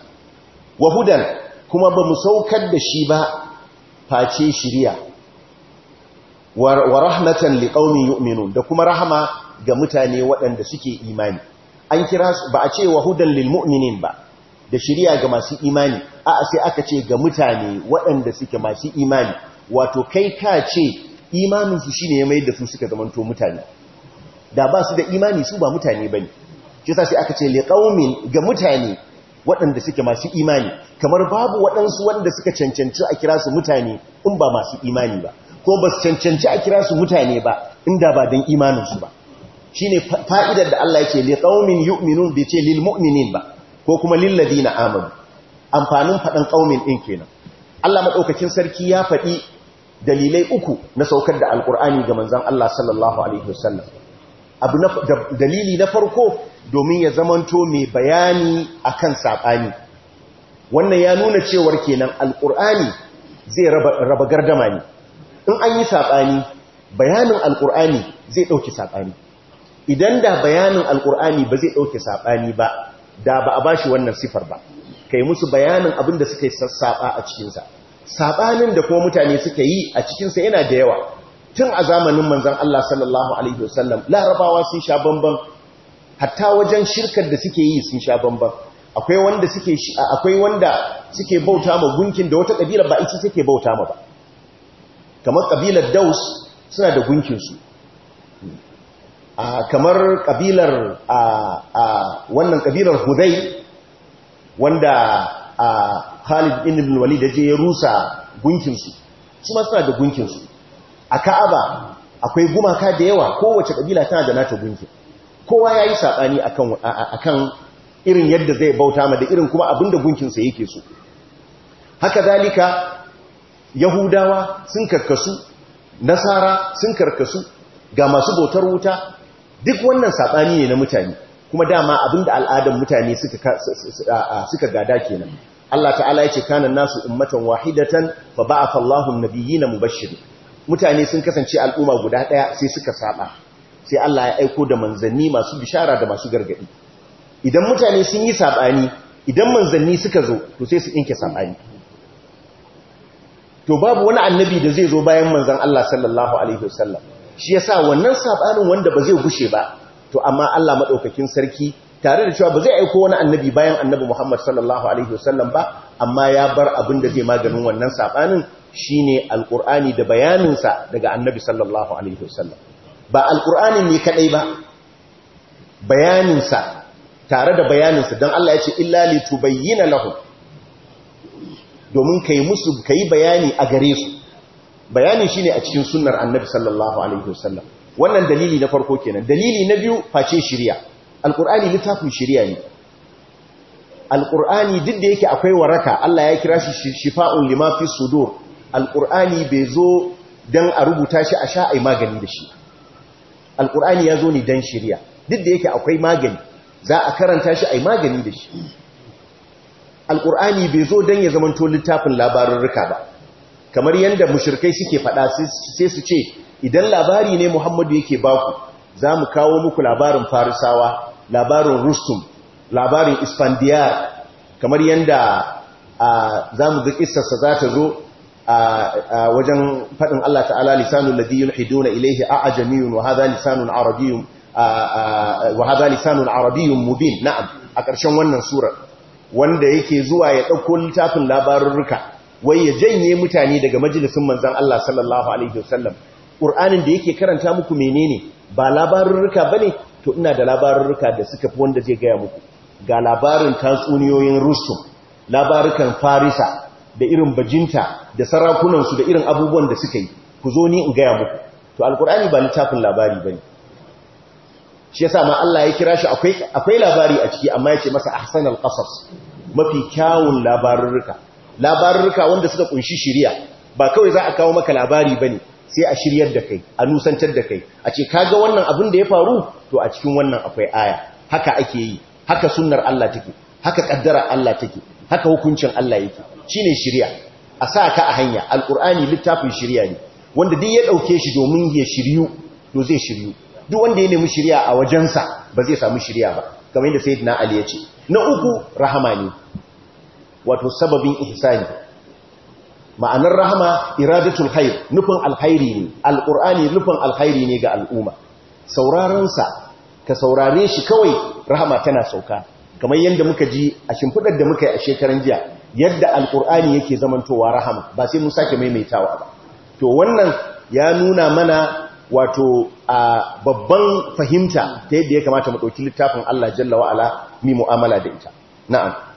wahudan kuma ba mu saukar da shi ba face shiriya. wa rahmatan liƙaunin yu'minun da kuma rahama ga mutane waɗanda suke imani an kira su ba a ce wa hudan lil mu'minin ba da shiriya ga masu imani a sai aka ce ga mutane waɗanda suke masu imani wato kai ka ce imanin su shine ya mai da su suka zamanto mutane da ba su da imani su ba mutane ne shi yasa sai aka ce le ƙaumin ga mutane waɗanda suke masu imani kamar babu waɗansu waɗanda suka cancanci a kira su mutane in ba masu imani ba ko ba su cancanci a kira su mutane ba inda ba don imaninsu ba Shi ne fa'idar da Allah yake li ƙaunin yu'minun da ce lil mu'minin ba ko kuma lil na Amadu. amfanin faɗin ƙaunin ɗin kenan Allah maɗaukacin sarki ya faɗi dalilai uku na saukar da Alƙur'ani ga Manzan Allah sallallahu alaihi wasallam abu na dalili na farko domin ya zamanto mai bayani a kan saɓani. wannan ya nuna cewar kenan Alƙur'ani zai raba gardama ne in an yi saɓani, bayanin Alƙur'ani zai ɗauki saɓani. idan da bayanin alkur'ani ba zai ɗauke saɓani ba da ba a bashi wannan sifar ba kai musu bayanin abin da suka yi sassaɓa a cikinsa saɓanin da kuma mutane suka yi a cikinsa yana da yawa tun a zamanin manzan Allah sallallahu alaihi wasallam larabawa sun sha bamban hatta wajen shirkar da suke yi sun sha bamban akwai wanda suke akwai wanda suke bauta ma gunkin da wata kabila ba ita suke bauta ma ba kamar kabilar Daus suna da gunkin su kamar kabilar wannan kabilar hudai wanda Khalid ibn Walid da je ya rusa gunkinsu su ma suna da gunkinsu a Ka'aba akwai gumaka da yawa kowace kabila tana da nata gunkin kowa ya yi saɓani a kan irin yadda zai bauta ma da irin kuma abinda gunkinsa yake so haka zalika yahudawa sun karkasu nasara sun karkasu ga masu bautar wuta duk wannan saɓani ne na mutane kuma dama abinda al'adan mutane suka gada kenan Allah ta'ala ya ce kanan nasu ummatan wahidatan fa ba'atha Allahu an-nabiyyina mubashirin mutane sun kasance al'umma guda ɗaya sai suka saɓa sai Allah ya aiko da manzanni masu bishara da masu gargadi idan mutane sun yi saɓani, idan manzanni suka zo to sai su inke saɓani. to babu wani annabi da zai zo bayan manzon Allah sallallahu alaihi wasallam shi yasa wannan sabanin wanda ba zai gushe ba to amma Allah madaukakin sarki tare da cewa ba zai aiko wani annabi bayan annabi Muhammad sallallahu alaihi wasallam ba amma ya bar abin da zai maganin wannan Shi shine Alƙur'ani da bayaninsa daga annabi sallallahu alaihi wasallam ba Alƙur'ani ne kadai ba bayaninsa tare da bayaninsa don Allah ya ce illa litubayyana lahum domin kai musu kai bayani a gare su bayanin ne a cikin sunar annabi sallallahu alaihi wasallam wannan dalili na farko kenan dalili na biyu face shiriya alqur'ani littafin shiriya ne alqur'ani duk da yake akwai waraka Allah ya kira shi shifa'un lima fi sudur alqur'ani bai zo dan a rubuta shi a sha ai magani da shi alqur'ani ya zo ne dan shiriya duk da yake akwai magani za a karanta shi ai magani da shi alqur'ani bai zo dan ya zamanto littafin rika ba kamar yadda mushirkai suke faɗa sai su ce idan labari ne muhammadu yake baku za mu kawo muku labarin farisawa labarin rustum labarin ispandiyar kamar yadda za mu ga ƙistarsa za ta zo a wajen faɗin Allah ta'ala lisanun ladiyun hiduna ilaihi a ajamiyun wa haza lisanun arabiyun mubin na'am a ƙarshen wannan surar wanda yake zuwa ya ɗauko littafin labarurruka wai ya janye mutane daga majalisin manzan Allah sallallahu alaihi wasallam Qur'anin da yake karanta muku menene ba labarurruka bane to ina da labarurruka da suka fi wanda zai gaya muku ga labarin tatsuniyoyin rusu, labarukan farisa da irin bajinta da sarakunansu da irin abubuwan da suka yi ku zo ni in gaya muku to alƙurani ba littafin labari bane shi yasa ma Allah ya kira shi akwai akwai labari a ciki amma yace masa ahsanal qasas mafi kyawun labarurruka labarurruka wanda suka kunshi shiriya ba kawai za a kawo maka labari ba ne sai a shiryar da kai a nusantar da kai a ce kaga wannan abin da ya faru to a cikin wannan akwai aya haka ake yi haka sunnar Allah take haka kaddara Allah take haka hukuncin Allah yake shine shiriya a sa ka a hanya alqur'ani littafin shiriya ne wanda duk ya dauke shi domin ya shiryu to zai shiryu duk wanda ya nemi shiriya a wajensa ba zai samu shiriya ba kamar yadda sayyidina Ali ya ce na uku rahama ne wato sababin ihsani ma'anar rahama iradatul khair nufin alkhairi ne alqur'ani nufin alkhairi ne ga al'umma sa, ka saurare shi kawai rahama tana sauka kamar yadda muka ji a shimfidar da muka yi a shekaran jiya yadda alqur'ani yake zamantowa rahama ba sai mun sake maimaitawa ba to wannan ya nuna mana wato a babban fahimta ta yadda ya kamata mu ɗauki littafin Allah jalla wa'ala mi mu'amala da ita na'am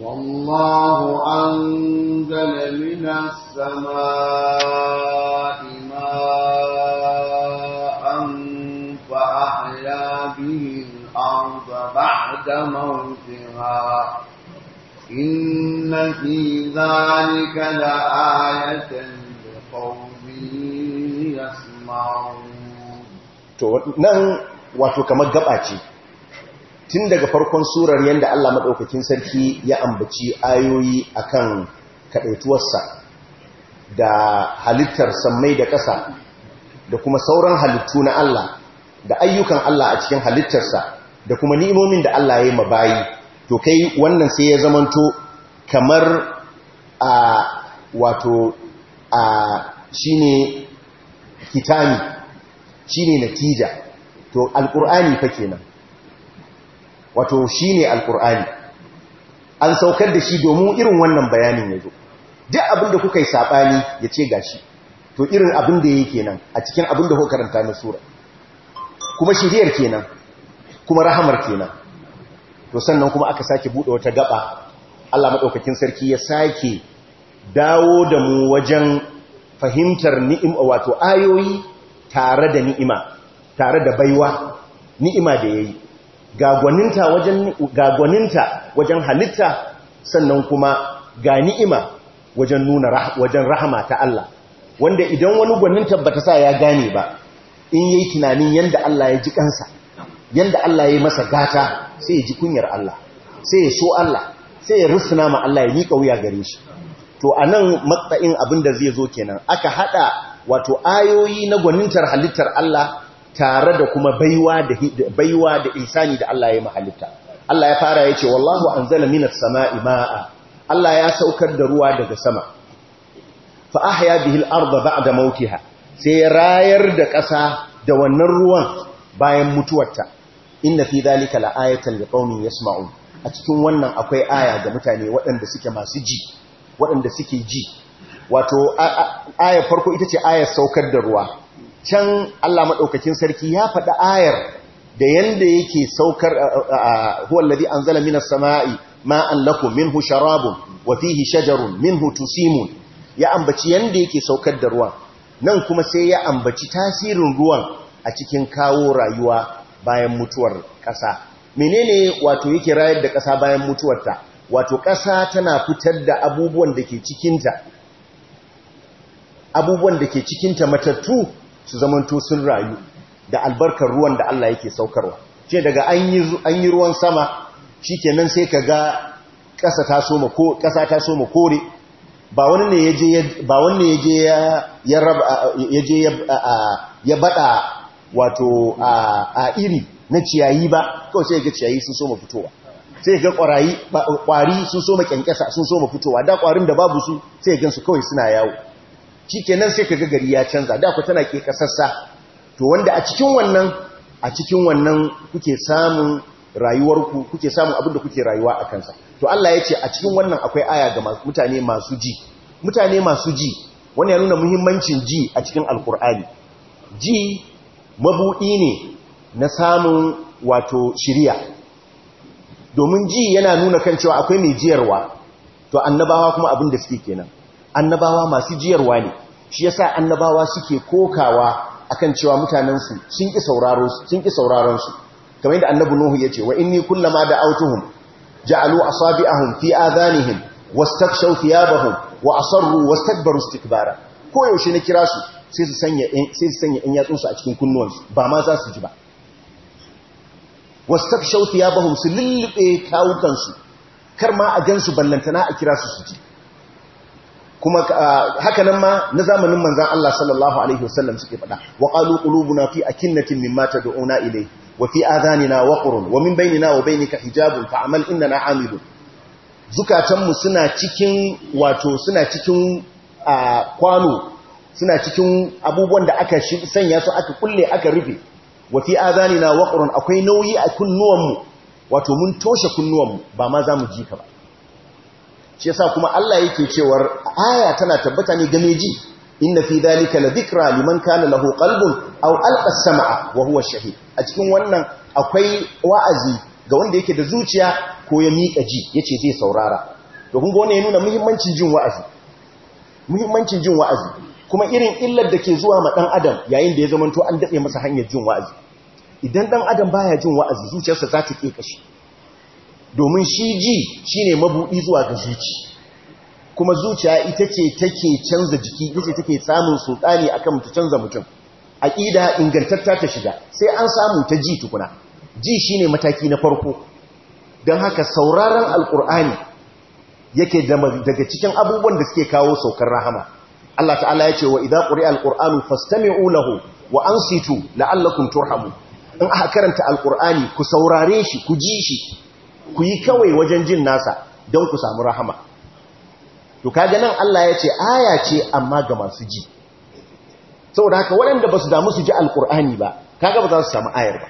والله أنزل من السماء ماء فأحيا به الأرض بعد موتها إن في ذلك لآية لقوم يسمعون. To, nan wato kamar gaba ce, tun daga farkon surar yadda Allah maɗaukakin sarki ya ambaci ayoyi a kan kaɗaituwarsa da halittar sammai da ƙasa da kuma sauran halittu na Allah da ayyukan Allah a cikin halittarsa da kuma ni'imomin da Allah ya yi mabayi to kai wannan sai ya zamanto kamar a wato a shine shi shine natija to alƙur'ani fa kenan wato shi ne alkur'ani an saukar da shi domin irin wannan bayanin ya zo duk abin da kuka yi saɓani ya ce ga shi to irin abin da ya kenan a cikin abin da kuka karanta na kuma shiriyar kenan kuma rahamar kenan to sannan kuma aka sake buɗe wata gaba Allah maɗaukakin sarki ya sake dawo da mu wajen fahimtar ni'ima wato ayoyi tare da ni'ima tare da baiwa ni'ima da ya yi. gagwaninta wajen halitta sannan kuma ga ni'ima wajen nuna wajen rahama ta Allah wanda idan wani gwanin tabbata sa ya gane ba in yayi tunanin yanda Allah ya ji kansa yanda Allah ya yi masa gata sai ya ji kunyar Allah sai ya so Allah sai ya rusuna ma Allah ya yi wuya gare shi to anan nan matsayin abin da zai zo kenan aka hada wato ayoyi na gwanintar halittar Allah tare da kuma baiwa da baiwa da da Allah ya mahalitta Allah ya fara ce, wallahu anzala minas sama'i ma'a Allah ya saukar da ruwa daga sama fa ahya bihi al da ba'da mawtiha sai ya rayar da ƙasa da wannan ruwan bayan mutuwarta inna fi dhalika la'ayatan liqaumin yasma'un a cikin wannan akwai aya ga mutane waɗanda suke masu ji waɗanda suke ji wato aya farko ita ce ayar saukar da ruwa can Allah maɗaukakin sarki ya faɗi ayar da yadda yake saukar a an anzala minas sama'i ma'an min minhu sharabun wa hi shajarun minhu tusimun ya ambaci yadda yake saukar da ruwan nan kuma sai ya ambaci tasirin ruwan a cikin kawo rayuwa bayan mutuwar ƙasa menene wato yake rayar da ƙasa bayan mutuwarta wato ƙasa tana fitar da abubuwan da ke cikinta abubuwan da ke cikinta matattu su zamanto sun rayu da albarkar ruwan da Allah yake saukarwa ce daga an yi ruwan sama shi nan sai ka ga ƙasa ta soma ma kore ba wani ne wani ne ya je ya bada wato a iri na ciyayi ba kawai sai ga ciyayi sun soma fitowa sai ga ƙwari sun soma kyankyasa sun soma fitowa da kwarin da babu su sai gansu kawai suna yawo nan sai kaga gari ya canza da ku tana ke kasassa to wanda a cikin wannan a cikin wannan kuke samun rayuwarku kuke samun abin da kuke rayuwa a kansa to Allah ya ce a cikin wannan akwai aya ga mutane masu ji mutane masu ji wani ya nuna muhimmancin ji a cikin alkur'ani ji mabuɗi ne na samun wato shirya domin ji yana nuna kan cewa akwai mai jiyarwa to annabawa kuma abin da suke kenan annabawa masu jiyarwa ne shi yasa annabawa suke kokawa akan cewa mutanensu sun ki sauraro sun ki sauraron su kamar yadda annabi nuhu ce wa inni kullama da'awtuhum ja'alu asabi'ahum fi adhanihim wastakshaw thiyabahum wa asarru wastakbaru istikbara ko yaushe na kira su sai su sanya sai su sanya in yatsun su a cikin kunnuwansu ba ma za su ji ba wastakshaw thiyabahum su lillibe kawukan su kar ma a gansu ballantana a kira su su ji kuma ah, hakanan ma na zamanin manzan Allah sallallahu alaihi wasallam suke faɗa wa qalu qulubuna fi akinnatin mimma tad'una ilayhi wa fi adhanina waqrun wa min bainina wa bainika hijabun fa'amal innana amilun zukatanmu suna cikin wato suna cikin ah, kwano suna cikin abubuwan da aka sanya su aka kulle aka rufe wa fi adhanina waqrun akwai nauyi a kunnuwanmu wato mun toshe kunnuwanmu ba ma za mu ji ka ba shi yasa kuma Allah yake cewar aya tana tabbata ne game ji inna fi dhalika la dhikra liman kana lahu qalbun aw alqa samaa wa huwa shahid a cikin wannan akwai wa'azi ga wanda yake da zuciya ko ya mika ji yace zai saurara to kun ga wannan ya nuna muhimmancin jin wa'azi muhimmancin jin wa'azi kuma irin illar da ke zuwa ma dan adam yayin da ya zamanto an dade masa hanyar jin wa'azi idan dan adam baya jin wa'azi zuciyarsa za ta shi. domin shi ji shine mabuɗi zuwa ga zuci kuma zuciya ita ce take canza jiki ita ce take samun sultani akan ta canza mutum A ƙida ingantatta ta shiga sai an samu ta ji tukuna ji ne mataki na farko don haka sauraron Alƙur'ani yake daga cikin abubuwan da suke kawo saukar rahama Allah ta'ala ya ce wa idan ƙuri alqur'anu fastami'u lahu wa ansitu la'allakun turhamu in aka karanta Alƙur'ani ku saurare shi ku ji shi ku yi kawai wajen jin nasa don ku samu rahama to kaga nan Allah ya ce aya ce amma ga masu ji saboda haka waɗanda ba su damu su ji alkur'ani ba kaga ba za su samu ayar ba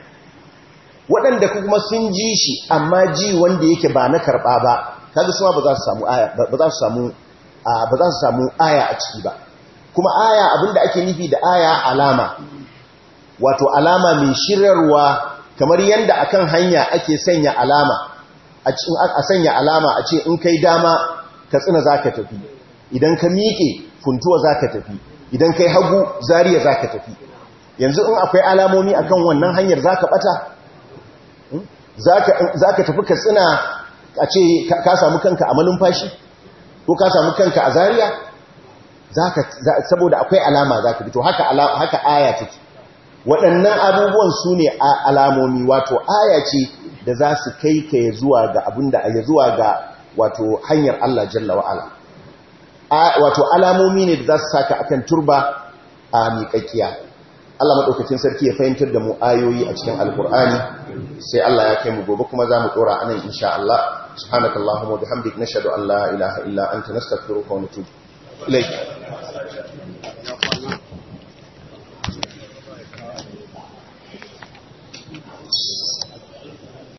waɗanda kuma sun ji shi amma ji wanda yake ba na karɓa ba kaga suma ba za su samu aya ba za su samu aya a ciki ba kuma aya abinda ake nufi da aya alama wato alama mai shirarwa kamar yanda akan hanya ake sanya alama a sanya alama a ce in kai dama ka tsina za ka tafi idan ka miƙe funtuwa za ka tafi idan kai hagu zariya za ka tafi yanzu in akwai alamomi akan wannan hanyar za ka ɓata hmm? za ka tafi ka tsina a ce ka samu kanka a malumfashi ko ka samu kanka a zariya saboda akwai alama za ka fito haka aya ce waɗannan abubuwan su ne alamomi wato aya ce da za su kai ka ya zuwa ga abin da ya zuwa ga wato hanyar Allah jalla wa'ala wato alamomi ne da za su saka akan turba a miƙaƙiya Allah maɗaukacin sarki ya fahimtar da mu ayoyi a cikin Alƙur'ani sai Allah ya kai mu gobe kuma za mu ɗora a nan insha Allah subhanakallahumma bihamdik nashhadu an la ilaha illa anta nastaghfiruka wa natubu ilayk